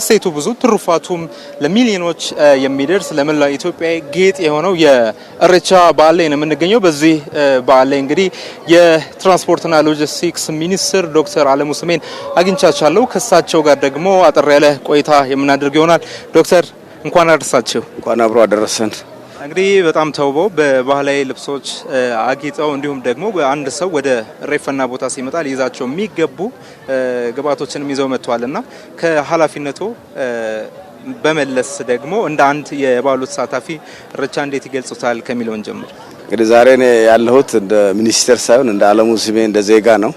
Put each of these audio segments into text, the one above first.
እሴቱ ብዙ ትሩፋቱም ለሚሊዮኖች የሚደርስ ለመላው ኢትዮጵያ ጌጥ የሆነው የኢሬቻ በዓል ላይ ነው የምንገኘው። በዚህ በዓል ላይ እንግዲህ የትራንስፖርትና ሎጂስቲክስ ሚኒስትር ዶክተር አለሙ ስሜን አግኝቻቻለሁ። ከእሳቸው ጋር ደግሞ አጠር ያለ ቆይታ የምናደርግ ይሆናል። ዶክተር እንኳን አደረሳችሁ። እንኳን አብሮ አደረሰን። እንግዲህ በጣም ተውበው በባህላዊ ልብሶች አጊጠው እንዲሁም ደግሞ አንድ ሰው ወደ ሬፈና ቦታ ሲመጣ ሊይዛቸው የሚገቡ ግብአቶችንም ይዘው መጥተዋል እና ከኃላፊነቱ በመለስ ደግሞ እንደ አንድ የባሉ ተሳታፊ ርቻ እንዴት ይገልጹታል ከሚለውን ጀምር። እንግዲህ ዛሬ እኔ ያለሁት እንደ ሚኒስቴር ሳይሆን እንደ አለሙ ስሜ እንደ ዜጋ ነው።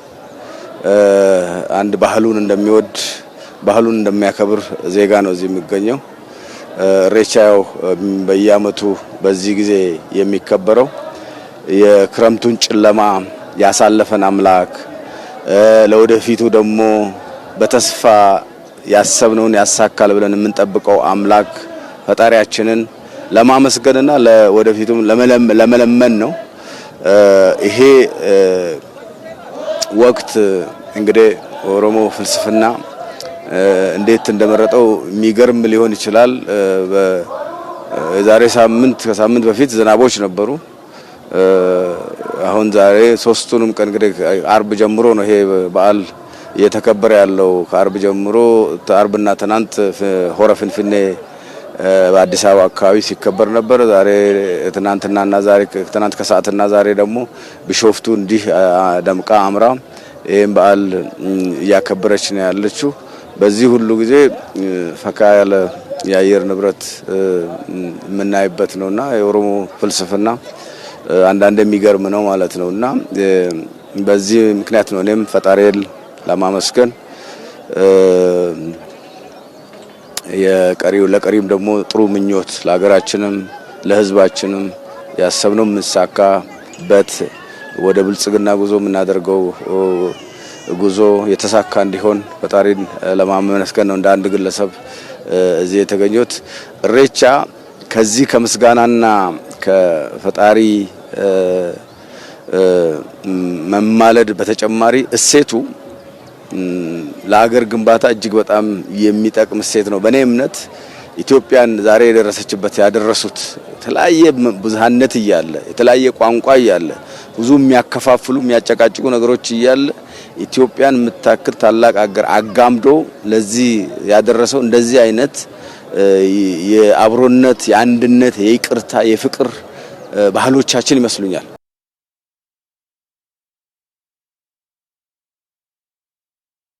አንድ ባህሉን እንደሚወድ ባህሉን እንደሚያከብር ዜጋ ነው እዚህ የሚገኘው። ሬቻው በየአመቱ በዚህ ጊዜ የሚከበረው የክረምቱን ጨለማ ያሳለፈን አምላክ ለወደፊቱ ደግሞ በተስፋ ያሰብነውን ያሳካል ብለን የምንጠብቀው አምላክ ፈጣሪያችንን ለማመስገንና ለወደፊቱም ለመለመን ነው። ይሄ ወቅት እንግዲህ ኦሮሞ ፍልስፍና እንዴት እንደመረጠው የሚገርም ሊሆን ይችላል። የዛሬ ሳምንት ከሳምንት በፊት ዝናቦች ነበሩ። አሁን ዛሬ ሶስቱንም ቀን እንግዲህ አርብ ጀምሮ ነው ይሄ በዓል እየተከበረ ያለው። ከአርብ ጀምሮ አርብና ትናንት ሆረ ፍንፍኔ በአዲስ አበባ አካባቢ ሲከበር ነበር። ዛሬ ትናንትናና ዛሬ ትናንት ከሰዓትና ዛሬ ደግሞ ቢሾፍቱ እንዲህ ደምቃ አምራ ይህም በዓል እያከበረች ነው ያለችው። በዚህ ሁሉ ጊዜ ፈካ ያለ የአየር ንብረት የምናይበት ነውና የኦሮሞ ፍልስፍና አንዳንድ የሚገርም ነው ማለት ነው እና በዚህ ምክንያት ነው እኔም ፈጣሬል ለማመስገን የቀሪው ለቀሪም ደግሞ ጥሩ ምኞት ለሀገራችንም ለሕዝባችንም ያሰብነው የምንሳካበት ወደ ብልጽግና ጉዞ የምናደርገው ጉዞ የተሳካ እንዲሆን ፈጣሪን ለማመስገን ነው። እንደ አንድ ግለሰብ እዚህ የተገኙት እሬቻ ከዚህ ከምስጋናና ከፈጣሪ መማለድ በተጨማሪ እሴቱ ለሀገር ግንባታ እጅግ በጣም የሚጠቅም እሴት ነው። በእኔ እምነት ኢትዮጵያን ዛሬ የደረሰችበት ያደረሱት የተለያየ ብዝሃነት እያለ የተለያየ ቋንቋ እያለ ብዙ የሚያከፋፍሉ የሚያጨቃጭቁ ነገሮች እያለ ኢትዮጵያን የምታክል ታላቅ አገር አጋምዶ ለዚህ ያደረሰው እንደዚህ አይነት የአብሮነት፣ የአንድነት፣ የይቅርታ፣ የፍቅር ባህሎቻችን ይመስሉኛል።